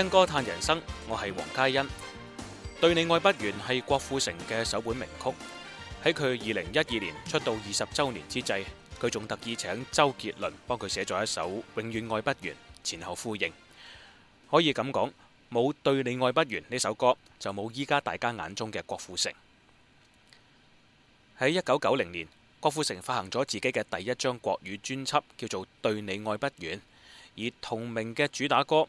聽歌嘆人生，我係王家欣。對你愛不完係郭富城嘅首本名曲，喺佢二零一二年出道二十周年之際，佢仲特意請周杰倫幫佢寫咗一首《永遠愛不完》，前後呼應。可以咁講，冇《對你愛不完》呢首歌，就冇依家大家眼中嘅郭富城。喺一九九零年，郭富城發行咗自己嘅第一張國語專輯，叫做《對你愛不完》，而同名嘅主打歌。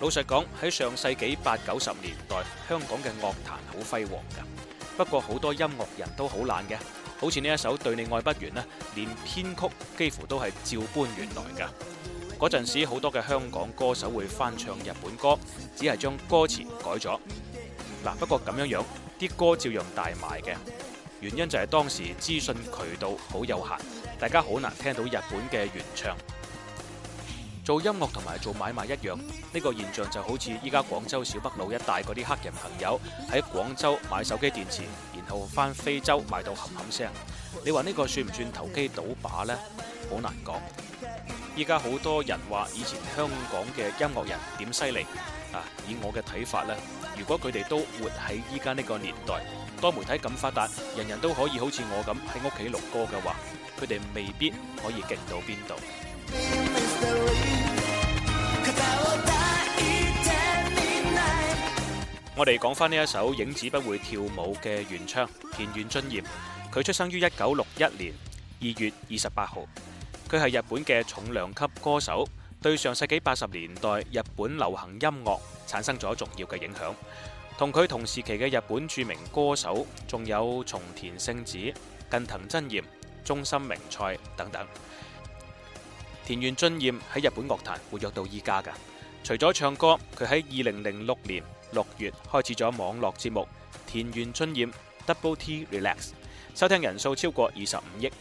老實講，喺上世紀八九十年代，香港嘅樂壇好輝煌噶。不過好多音樂人都好懶嘅，好似呢一首《對你愛不完》咧，連編曲幾乎都係照搬原來噶。嗰陣時好多嘅香港歌手會翻唱日本歌，只係將歌詞改咗。嗱，不過咁樣樣，啲歌照樣大賣嘅。原因就係當時資訊渠道好有限，大家好難聽到日本嘅原唱。做音樂同埋做買賣一樣，呢個現象就好似依家廣州小北路一帶嗰啲黑人朋友喺廣州買手機電池，然後翻非洲賣到冚冚聲。你話呢個算唔算投機倒把呢？好難講。依家好多人話以前香港嘅音樂人點犀利啊！以我嘅睇法呢，如果佢哋都活喺依家呢個年代，多媒體咁發達，人人都可以好似我咁喺屋企錄歌嘅話，佢哋未必可以勁到邊度。我哋講翻呢一首《影子不會跳舞》嘅原唱田原俊彥，佢出生於一九六一年二月二十八號。佢係日本嘅重量級歌手，對上世紀八十年代日本流行音樂產生咗重要嘅影響。同佢同時期嘅日本著名歌手仲有松田聖子、近藤真彥、中森明菜等等。田原俊彥喺日本樂壇活躍到依家噶。除咗唱歌，佢喺二零零六年。六月開始咗網絡節目《田園春宴 Double T Relax》，收聽人數超過二十五億。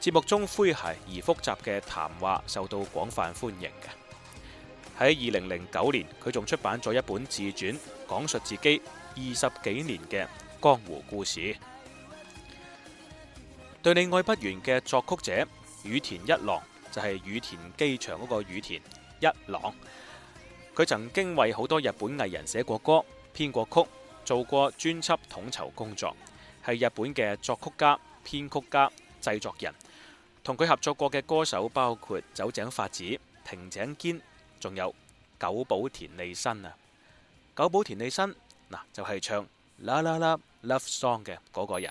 節目中詼諧而複雜嘅談話受到廣泛歡迎嘅。喺二零零九年，佢仲出版咗一本自傳，講述自己二十幾年嘅江湖故事。對你愛不完嘅作曲者羽田一郎，就係羽田機場嗰個羽田一郎。佢曾經為好多日本藝人寫過歌、編過曲、做過專輯統籌工作，係日本嘅作曲家、編曲家、製作人。同佢合作過嘅歌手包括酒井法子、平井堅，仲有久保田利伸啊。久保田利伸嗱就係唱《啦啦啦 Love Song》嘅嗰個人。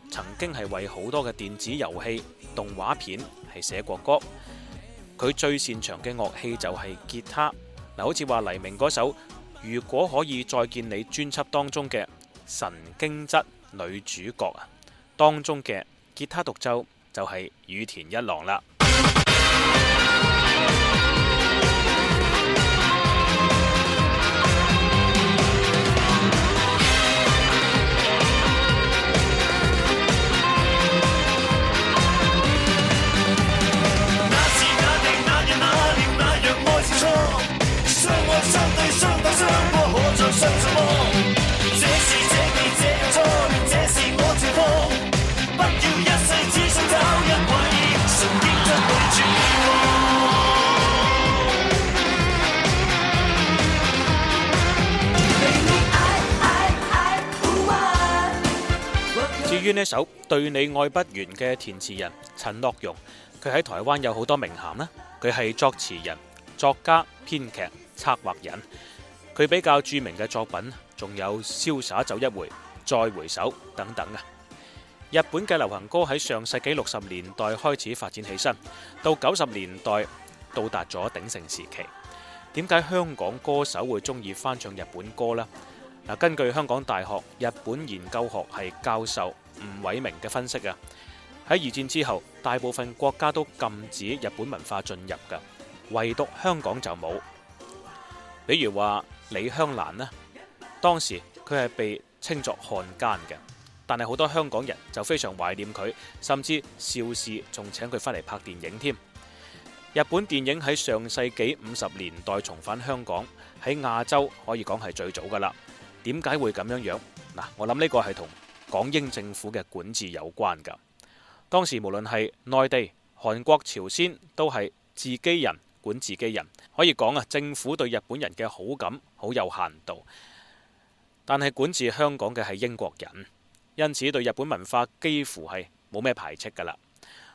曾經係為好多嘅電子遊戲、動畫片係寫過歌，佢最擅長嘅樂器就係吉他。嗱，好似話黎明嗰首《如果可以再見你》專輯當中嘅《神經質女主角》啊，當中嘅吉他獨奏就係羽田一郎啦。呢首《對你愛不完》嘅填詞人陳樂融，佢喺台灣有好多名銜啦。佢係作詞人、作家、編劇、策劃人。佢比較著名嘅作品仲有《瀟灑走一回》《再回首》等等啊。日本嘅流行歌喺上世紀六十年代開始發展起身，到九十年代到達咗鼎盛時期。點解香港歌手會中意翻唱日本歌呢？嗱，根據香港大學日本研究學系教授，吳偉明嘅分析啊，喺二戰之後，大部分國家都禁止日本文化進入噶，唯獨香港就冇。比如話李香蘭呢，當時佢係被稱作漢奸嘅，但係好多香港人就非常懷念佢，甚至邵氏仲請佢返嚟拍電影添。日本電影喺上世紀五十年代重返香港，喺亞洲可以講係最早噶啦。點解會咁樣樣？嗱，我諗呢個係同。港英政府嘅管治有關，噶當時無論係內地、韓國、朝鮮都係自己人管自己人，可以講啊。政府對日本人嘅好感好有限度，但係管治香港嘅係英國人，因此對日本文化幾乎係冇咩排斥噶啦。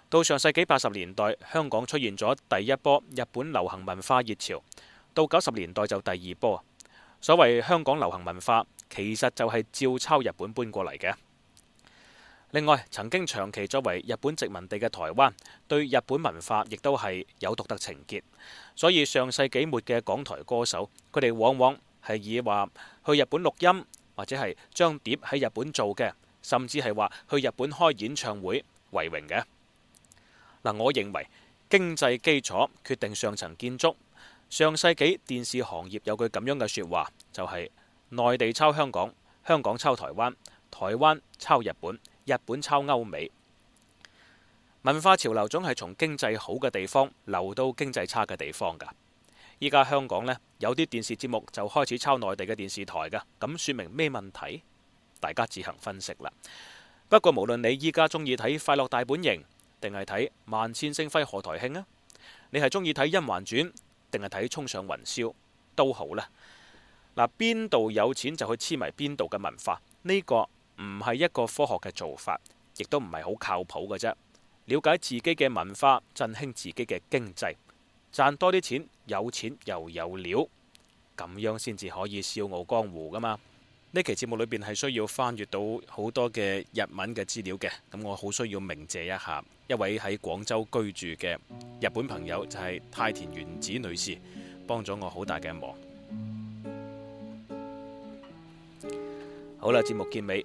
到上世紀八十年代，香港出現咗第一波日本流行文化熱潮，到九十年代就第二波。所謂香港流行文化，其實就係照抄日本搬過嚟嘅。另外，曾經長期作為日本殖民地嘅台灣，對日本文化亦都係有獨特情結。所以上世紀末嘅港台歌手，佢哋往往係以話去日本錄音，或者係張碟喺日本做嘅，甚至係話去日本開演唱會為榮嘅。嗱，我認為經濟基礎決定上層建築。上世紀電視行業有句咁樣嘅説話，就係內地抄香港，香港抄台灣，台灣抄日本。日本抄歐美，文化潮流總係從經濟好嘅地方流到經濟差嘅地方噶。依家香港呢，有啲電視節目就開始抄內地嘅電視台噶，咁說明咩問題？大家自行分析啦。不過無論你依家中意睇《快樂大本營》，定係睇《萬千星輝賀台慶》啊，你係中意睇《甄嬛傳》，定係睇《衝上雲霄》，都好啦。嗱，邊度有錢就去痴迷邊度嘅文化，呢個。唔係一個科學嘅做法，亦都唔係好靠譜嘅啫。了解自己嘅文化，振興自己嘅經濟，賺多啲錢，有錢又有料，咁樣先至可以笑傲江湖噶嘛。呢期節目裏邊係需要翻閱到好多嘅日文嘅資料嘅，咁我好需要明謝一下一位喺廣州居住嘅日本朋友，就係太田原子女士，幫咗我好大嘅忙。好啦，節目結尾。